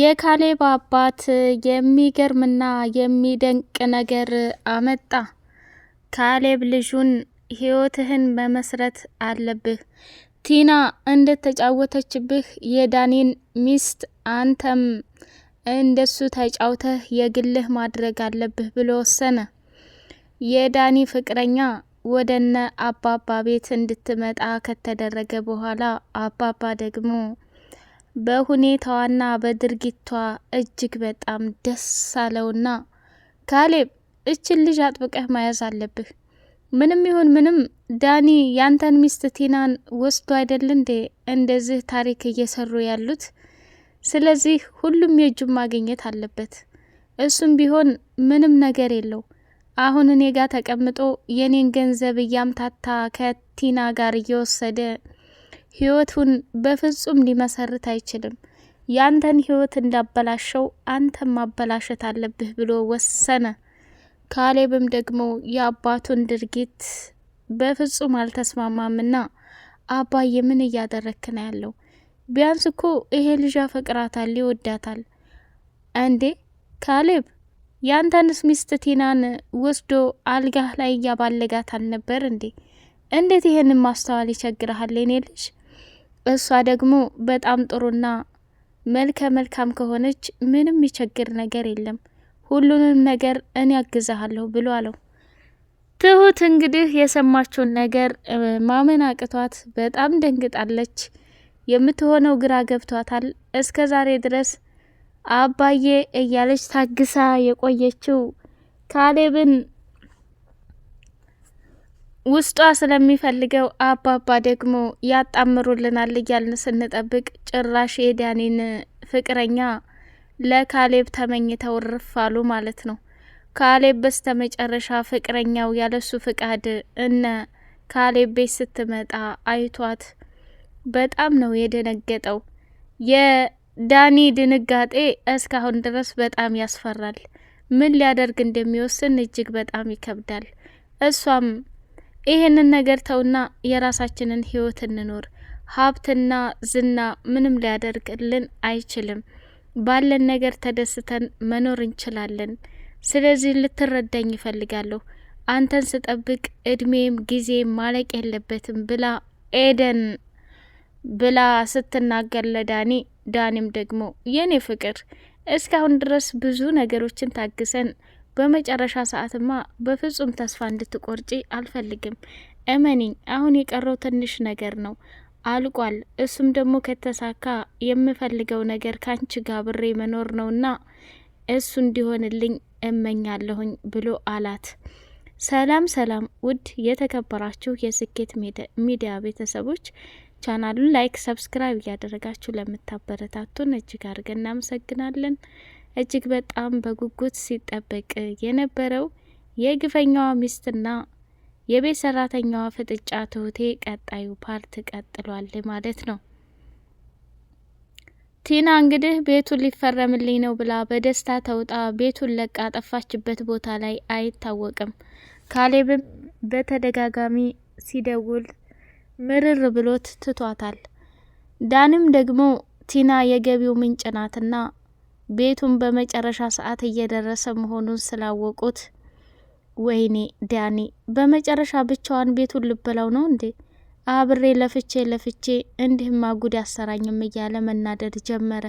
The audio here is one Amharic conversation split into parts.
የካሌብ አባት የሚገርምና የሚደንቅ ነገር አመጣ። ካሌብ ልጁን ህይወትህን መመስረት አለብህ፣ ቲና እንደተጫወተችብህ የዳኒን ሚስት አንተም እንደሱ ተጫውተህ የግልህ ማድረግ አለብህ ብሎ ወሰነ። የዳኒ ፍቅረኛ ወደነ አባባ ቤት እንድትመጣ ከተደረገ በኋላ አባባ ደግሞ በሁኔታዋና በድርጊቷ እጅግ በጣም ደስ አለውና ካሌብ እችን ልጅ አጥብቀህ መያዝ አለብህ። ምንም ይሁን ምንም ዳኒ ያንተን ሚስት ቲናን ወስዶ አይደል እንዴ እንደዚህ ታሪክ እየሰሩ ያሉት? ስለዚህ ሁሉም የእጁን ማግኘት አለበት። እሱም ቢሆን ምንም ነገር የለው። አሁን እኔ ጋር ተቀምጦ የኔን ገንዘብ እያምታታ ከቲና ጋር እየወሰደ ህይወቱን በፍጹም ሊመሰርት አይችልም። ያንተን ህይወት እንዳበላሸው አንተም ማበላሸት አለብህ ብሎ ወሰነ። ካሌብም ደግሞ የአባቱን ድርጊት በፍጹም አልተስማማምና አባዬ ምን እያደረክን ያለው? ቢያንስ እኮ ይሄ ልጅ ፈቅራታል፣ ይወዳታል። እንዴ ካሌብ ያንተንስ ሚስት ቲናን ወስዶ አልጋህ ላይ እያባለጋት አልነበር እንዴ? እንዴት ይሄንን ማስተዋል ይቸግረሃል የኔ ልጅ? እሷ ደግሞ በጣም ጥሩና መልከ መልካም ከሆነች ምንም የሚቸግር ነገር የለም፣ ሁሉንም ነገር እኔ ያግዝሃለሁ ብሎ አለው። ትሁት እንግዲህ የሰማችውን ነገር ማመን አቅቷት በጣም ደንግጣለች። የምትሆነው ግራ ገብቷታል። እስከ ዛሬ ድረስ አባዬ እያለች ታግሳ የቆየችው ካሌብን ውስጧ ስለሚፈልገው አባባ ደግሞ ያጣምሩልናል እያልን ስንጠብቅ ጭራሽ የዳኒን ፍቅረኛ ለካሌብ ተመኝተው ርፋሉ ማለት ነው። ካሌብ በስተ መጨረሻ ፍቅረኛው ያለሱ ፍቃድ እነ ካሌብ ቤት ስትመጣ አይቷት በጣም ነው የደነገጠው። የዳኒ ድንጋጤ እስካሁን ድረስ በጣም ያስፈራል። ምን ሊያደርግ እንደሚወስን እጅግ በጣም ይከብዳል። እሷም ይሄንን ነገር ተውና የራሳችንን ህይወት እንኖር። ሀብትና ዝና ምንም ሊያደርግልን አይችልም። ባለን ነገር ተደስተን መኖር እንችላለን። ስለዚህ ልትረዳኝ ይፈልጋለሁ። አንተን ስጠብቅ እድሜም ጊዜም ማለቅ የለበትም ብላ ኤደን ብላ ስትናገር ለዳኒ ዳኒም ደግሞ የኔ ፍቅር እስካሁን ድረስ ብዙ ነገሮችን ታግሰን በመጨረሻ ሰዓትማ በፍጹም ተስፋ እንድትቆርጪ አልፈልግም። እመኒኝ፣ አሁን የቀረው ትንሽ ነገር ነው፣ አልቋል። እሱም ደግሞ ከተሳካ የምፈልገው ነገር ካንቺ ጋር ብሬ መኖር ነውና እሱ እንዲሆንልኝ እመኛለሁኝ ብሎ አላት። ሰላም ሰላም! ውድ የተከበራችሁ የስኬት ሚዲያ ቤተሰቦች ቻናሉን ላይክ፣ ሰብስክራይብ እያደረጋችሁ ለምታበረታቱን እጅግ አድርገን እናመሰግናለን። እጅግ በጣም በጉጉት ሲጠበቅ የነበረው የግፈኛዋ ሚስትና የቤት ሰራተኛዋ ፍጥጫ ትሁቴ ቀጣዩ ፓርት ቀጥሏል ማለት ነው። ቲና እንግዲህ ቤቱን ሊፈረምልኝ ነው ብላ በደስታ ተውጣ ቤቱን ለቃ ጠፋችበት ቦታ ላይ አይታወቅም። ካሌብም በተደጋጋሚ ሲደውል ምርር ብሎት ትቷታል። ዳንም ደግሞ ቲና የገቢው ምንጭ ናትና ቤቱን በመጨረሻ ሰዓት እየደረሰ መሆኑን ስላወቁት ወይኔ ዳኒ በመጨረሻ ብቻዋን ቤቱን ልበላው ነው እንዴ? አብሬ ለፍቼ ለፍቼ እንዲህማ ጉድ አሰራኝም እያለ መናደድ ጀመረ።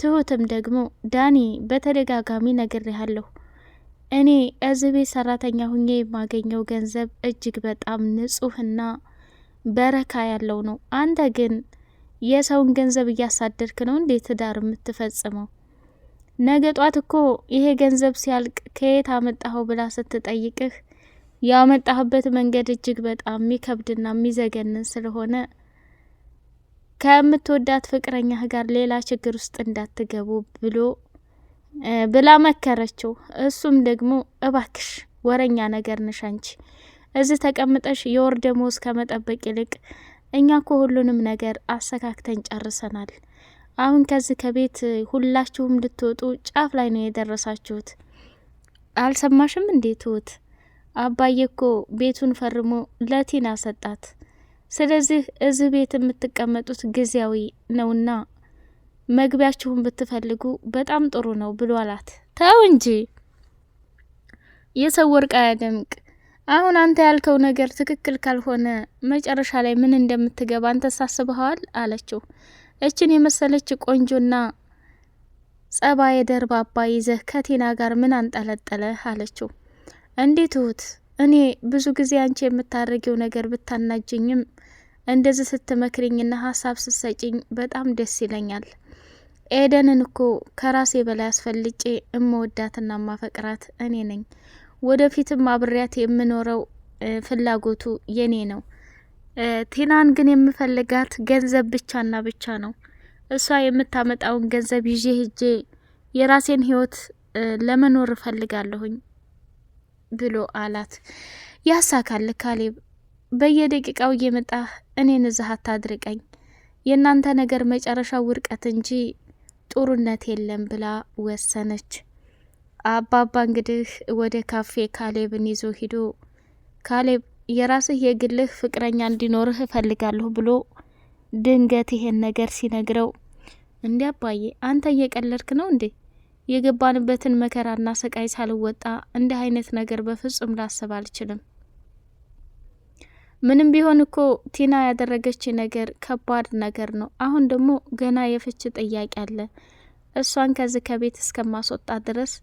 ትሁትም ደግሞ ዳኒ በተደጋጋሚ ነግሬሃለሁ፣ እኔ እዚህ ቤት ሰራተኛ ሁኜ የማገኘው ገንዘብ እጅግ በጣም ንጹህና በረካ ያለው ነው። አንተ ግን የሰውን ገንዘብ እያሳደድክ ነው እንዴት ትዳር የምትፈጽመው? ነገ ጧት እኮ ይሄ ገንዘብ ሲያልቅ ከየት አመጣኸው ብላ ስትጠይቅህ ያመጣህበት መንገድ እጅግ በጣም የሚከብድና የሚዘገንን ስለሆነ ከምትወዳት ፍቅረኛህ ጋር ሌላ ችግር ውስጥ እንዳትገቡ ብሎ ብላ መከረችው። እሱም ደግሞ እባክሽ ወረኛ ነገር ነሽ አንቺ እዚህ ተቀምጠሽ የወር ደሞዝ ከመጠበቅ ይልቅ እኛ ኮ ሁሉንም ነገር አሰካክተን ጨርሰናል አሁን ከዚህ ከቤት ሁላችሁም እንድትወጡ ጫፍ ላይ ነው የደረሳችሁት። አልሰማሽም እንዴ ትሁት? አባዬ እኮ ቤቱን ፈርሞ ለቲና ሰጣት። ስለዚህ እዚህ ቤት የምትቀመጡት ጊዜያዊ ነውና መግቢያችሁን ብትፈልጉ በጣም ጥሩ ነው ብሎ አላት። ተው እንጂ የሰው ወርቅ አያደምቅ። አሁን አንተ ያልከው ነገር ትክክል ካልሆነ መጨረሻ ላይ ምን እንደምትገባ አንተ ሳስበኸዋል? አለችው እችን የመሰለች ቆንጆና ጸባየ ደርባባ ይዘህ ከቴና ጋር ምን አንጠለጠለህ አለችው። እንዴት እህት፣ እኔ ብዙ ጊዜ አንቺ የምታደርጊው ነገር ብታናጅኝም እንደዚህ ስትመክርኝና ሀሳብ ስትሰጭኝ በጣም ደስ ይለኛል። ኤደንን እኮ ከራሴ በላይ አስፈልጬ እመወዳትና ማፈቅራት እኔ ነኝ። ወደፊትም አብሬያት የምኖረው ፍላጎቱ የኔ ነው። ቴናን ግን የምፈልጋት ገንዘብ ብቻና ብቻ ነው። እሷ የምታመጣውን ገንዘብ ይዤ ሄጄ የራሴን ህይወት ለመኖር እፈልጋለሁኝ ብሎ አላት። ያሳካል ካሌብ፣ በየደቂቃው እየመጣ እኔን እዚህ አታድርቀኝ፣ የእናንተ ነገር መጨረሻ ውርቀት እንጂ ጥሩነት የለም ብላ ወሰነች። አባባ እንግዲህ ወደ ካፌ ካሌብን ይዞ ሂዶ ካሌብ የራስህ የግልህ ፍቅረኛ እንዲኖርህ እፈልጋለሁ ብሎ ድንገት ይሄን ነገር ሲነግረው እንዲ አባዬ አንተ እየቀለድክ ነው እንዴ? የገባንበትን መከራና ስቃይ ሳልወጣ እንዲህ አይነት ነገር በፍጹም ላስብ አልችልም። ምንም ቢሆን እኮ ቲና ያደረገች ነገር ከባድ ነገር ነው። አሁን ደግሞ ገና የፍች ጥያቄ አለ። እሷን ከዚህ ከቤት እስከማስወጣ ድረስ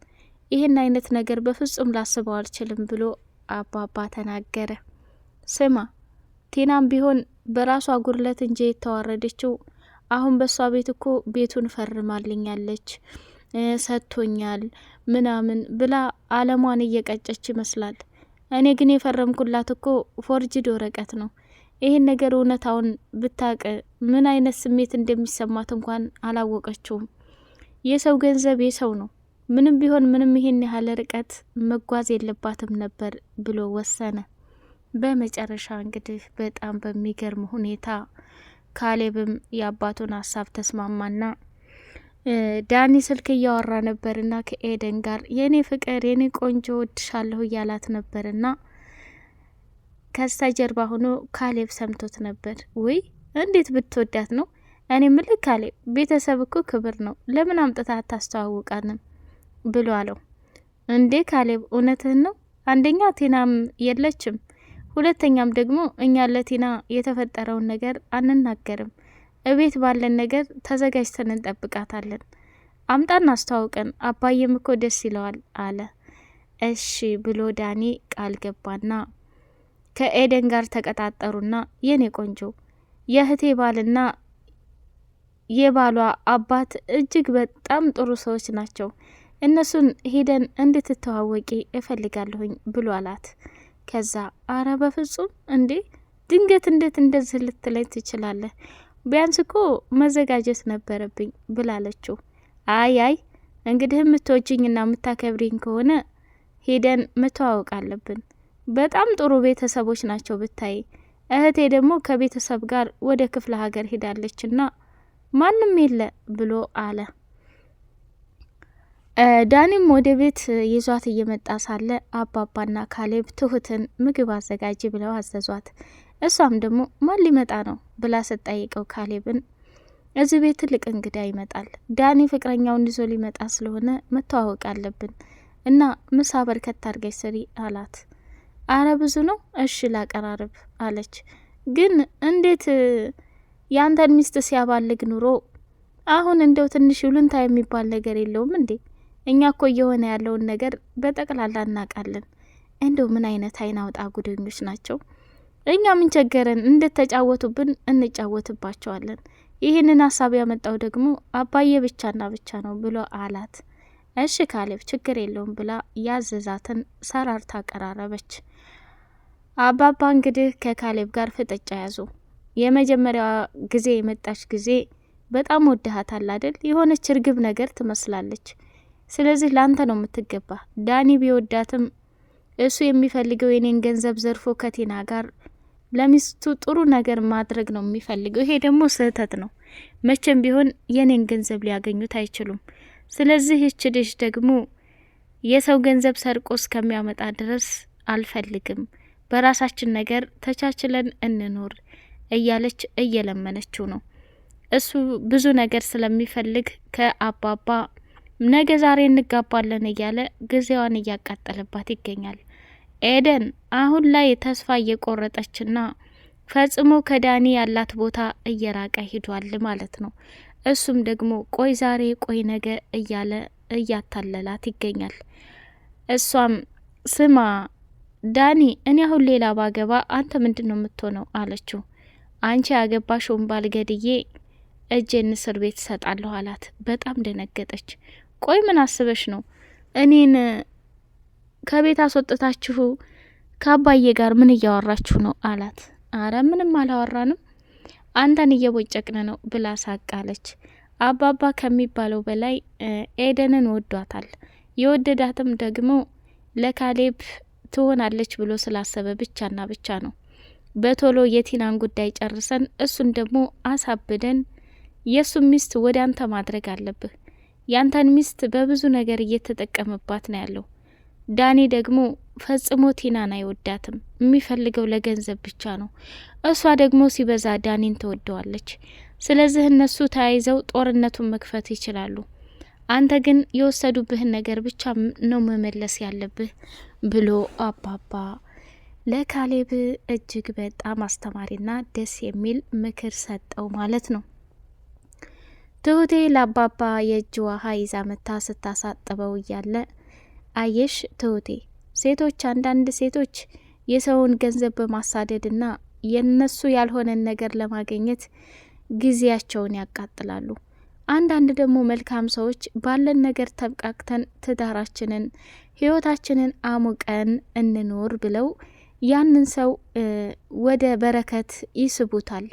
ይህን አይነት ነገር በፍጹም ላስበው አልችልም ብሎ አባባ ተናገረ። ስማ፣ ቴናም ቢሆን በራሷ ጉድለት እንጂ የተዋረደችው አሁን በሷ ቤት እኮ ቤቱን ፈርማልኛለች ሰጥቶኛል ምናምን ብላ አለሟን እየቀጨች ይመስላል። እኔ ግን የፈረምኩላት እኮ ፎርጅድ ወረቀት ነው። ይህን ነገር እውነታውን ብታቅ ምን አይነት ስሜት እንደሚሰማት እንኳን አላወቀችውም። የሰው ገንዘብ የሰው ነው። ምንም ቢሆን ምንም ይህን ያህል ርቀት መጓዝ የለባትም ነበር ብሎ ወሰነ። በመጨረሻ እንግዲህ በጣም በሚገርም ሁኔታ ካሌብም የአባቱን ሀሳብ ተስማማና ዳኒ ስልክ እያወራ ነበርና ከኤደን ጋር የኔ ፍቅር የኔ ቆንጆ ወድሻለሁ እያላት ነበርና ጀርባ ሆኖ ካሌብ ሰምቶት ነበር። ውይ እንዴት ብትወዳት ነው? እኔ ምልክ ካሌብ ቤተሰብ እኮ ክብር ነው፣ ለምን አምጥታ አታስተዋውቃንም ብሎ አለው። እንዴ ካሌብ እውነትህን ነው? አንደኛ ቴናም የለችም ሁለተኛም ደግሞ እኛ ለቲና የተፈጠረውን ነገር አንናገርም። እቤት ባለን ነገር ተዘጋጅተን እንጠብቃታለን። አምጣን አስተዋውቀን፣ አባዬም እኮ ደስ ይለዋል አለ። እሺ ብሎ ዳኒ ቃል ገባና ከኤደን ጋር ተቀጣጠሩና የኔ ቆንጆ የእህቴ ባልና የባሏ አባት እጅግ በጣም ጥሩ ሰዎች ናቸው። እነሱን ሄደን እንድትተዋወቂ እፈልጋለሁኝ ብሎ አላት። ከዛ አረ በፍጹም እንዴ ድንገት እንዴት እንደዚህ ልትለኝ ትችላለህ? ቢያንስ እኮ መዘጋጀት ነበረብኝ ብላለችው። አይ አይ እንግዲህ የምትወጅኝና የምታከብሪኝ ከሆነ ሄደን መተዋወቅ አለብን። በጣም ጥሩ ቤተሰቦች ናቸው ብታይ። እህቴ ደግሞ ከቤተሰብ ጋር ወደ ክፍለ ሀገር ሄዳለችና ማንም የለ ብሎ አለ። ዳኒም ወደ ቤት ይዟት እየመጣ ሳለ አባባና ካሌብ ትሁትን ምግብ አዘጋጅ ብለው አዘዟት። እሷም ደግሞ ማን ሊመጣ ነው ብላ ስትጠይቀው ካሌብን እዚህ ቤት ትልቅ እንግዳ ይመጣል፣ ዳኒ ፍቅረኛውን ይዞ ሊመጣ ስለሆነ መተዋወቅ አለብን እና ምሳ በርከት አርገች ስሪ አላት። አረ ብዙ ነው፣ እሺ ላቀራርብ አለች። ግን እንዴት ያንተን ሚስት ሲያባልግ ኑሮ አሁን እንደው ትንሽ ይሉንታ የሚባል ነገር የለውም እንዴ? እኛ እኮ እየሆነ ያለውን ነገር በጠቅላላ እናውቃለን። እንደው ምን አይነት አይን አውጣ ጉደኞች ናቸው። እኛ ምን ቸገረን? እንደተጫወቱብን እንጫወትባቸዋለን። ይህንን ሀሳብ ያመጣው ደግሞ አባዬ ብቻና ብቻ ነው ብሎ አላት። እሺ ካሌብ ችግር የለውም ብላ ያዘዛትን ሰራርታ አቀራረበች። አባባ እንግዲህ ከካሌብ ጋር ፍጥጫ ያዙ። የመጀመሪያዋ ጊዜ የመጣች ጊዜ በጣም ወድሃታል አይደል? የሆነች እርግብ ነገር ትመስላለች ስለዚህ ላንተ ነው የምትገባ። ዳኒ ቢወዳትም እሱ የሚፈልገው የኔን ገንዘብ ዘርፎ ከቴና ጋር ለሚስቱ ጥሩ ነገር ማድረግ ነው የሚፈልገው። ይሄ ደግሞ ስህተት ነው። መቼም ቢሆን የኔን ገንዘብ ሊያገኙት አይችሉም። ስለዚህ ይች ልጅ ደግሞ የሰው ገንዘብ ሰርቆ እስከሚያመጣ ድረስ አልፈልግም፣ በራሳችን ነገር ተቻችለን እንኖር እያለች እየለመነችው ነው። እሱ ብዙ ነገር ስለሚፈልግ ከአባባ ነገ ዛሬ እንጋባለን እያለ ጊዜዋን እያቃጠለባት ይገኛል። ኤደን አሁን ላይ ተስፋ እየቆረጠችና ፈጽሞ ከዳኒ ያላት ቦታ እየራቀ ሂዷል ማለት ነው። እሱም ደግሞ ቆይ ዛሬ ቆይ ነገ እያለ እያታለላት ይገኛል። እሷም ስማ ዳኒ፣ እኔ አሁን ሌላ ባገባ አንተ ምንድን ነው የምትሆነው? አለችው። አንቺ ያገባሽውን ባል ገድዬ እጄን እስር ቤት እሰጣለሁ አላት። በጣም ደነገጠች። ቆይ ምን አስበሽ ነው እኔን ከቤት አስወጥታችሁ ከአባዬ ጋር ምን እያወራችሁ ነው አላት። አረ ምንም አላወራንም አንተን እየቦጨቅን ነው ብላ ሳቃለች። አባባ ከሚባለው በላይ ኤደንን ወዷታል። የወደዳትም ደግሞ ለካሌብ ትሆናለች ብሎ ስላሰበ ብቻና ብቻ ነው። በቶሎ የቲናን ጉዳይ ጨርሰን እሱን ደግሞ አሳብደን የእሱ ሚስት ወደ አንተ ማድረግ አለብህ። ያንተን ሚስት በብዙ ነገር እየተጠቀመባት ነው ያለው። ዳኔ ደግሞ ፈጽሞ ቲናን አይወዳትም። የሚፈልገው ለገንዘብ ብቻ ነው። እሷ ደግሞ ሲበዛ ዳኔን ትወደዋለች። ስለዚህ እነሱ ተያይዘው ጦርነቱን መክፈት ይችላሉ። አንተ ግን የወሰዱብህን ነገር ብቻ ነው መመለስ ያለብህ ብሎ አባባ ለካሌብ እጅግ በጣም አስተማሪና ደስ የሚል ምክር ሰጠው ማለት ነው። ትሁቴ ለአባባ የእጅ ውሃ ይዛ መታ ስታሳጥበው እያለ አየሽ ትሁቴ፣ ሴቶች አንዳንድ ሴቶች የሰውን ገንዘብ በማሳደድና የነሱ ያልሆነን ነገር ለማግኘት ጊዜያቸውን ያቃጥላሉ። አንዳንድ ደግሞ መልካም ሰዎች ባለን ነገር ተብቃቅተን ትዳራችንን ህይወታችንን አሙቀን እንኖር ብለው ያንን ሰው ወደ በረከት ይስቡታል።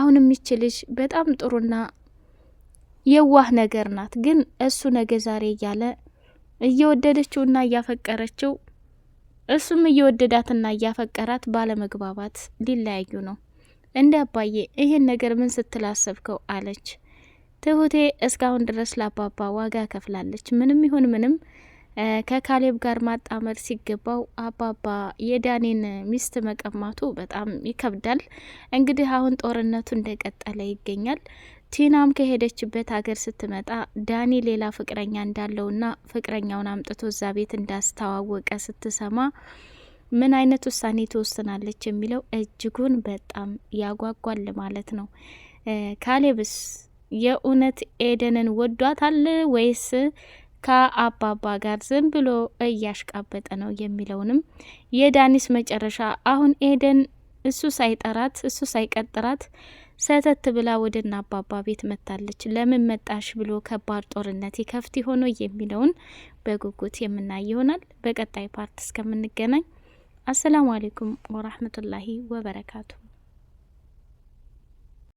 አሁንም ይች በጣም ጥሩና የዋህ ነገር ናት። ግን እሱ ነገ ዛሬ እያለ እየወደደችውና እያፈቀረችው እሱም እየወደዳትና እያፈቀራት ባለመግባባት ሊለያዩ ነው። እንደ አባዬ ይህን ነገር ምን ስትላሰብከው አለች ትሁቴ። እስካሁን ድረስ ለአባባ ዋጋ ከፍላለች። ምንም ይሁን ምንም ከካሌብ ጋር ማጣመር ሲገባው አባባ የዳኔን ሚስት መቀማቱ በጣም ይከብዳል። እንግዲህ አሁን ጦርነቱ እንደቀጠለ ይገኛል። ቲናም ከሄደችበት ሀገር ስትመጣ ዳኒ ሌላ ፍቅረኛ እንዳለውና ፍቅረኛውን አምጥቶ እዛ ቤት እንዳስተዋወቀ ስትሰማ ምን አይነት ውሳኔ ትወስናለች የሚለው እጅጉን በጣም ያጓጓል ማለት ነው። ካሌብስ የእውነት ኤደንን ወዷታል ወይስ ከአባባ ጋር ዝም ብሎ እያሽቃበጠ ነው የሚለውንም የዳኒስ መጨረሻ አሁን ኤደን እሱ ሳይጠራት እሱ ሳይቀጥራት ሰተት ብላ ወደ ና አባባ ቤት መጥታለች። ለምን መጣሽ ብሎ ከባድ ጦርነት ይከፍት ሆኖ የሚለውን በጉጉት የምናይ ይሆናል። በቀጣይ ፓርት እስከምንገናኝ አሰላሙ አሌይኩም ወራህመቱላሂ ወበረካቱ።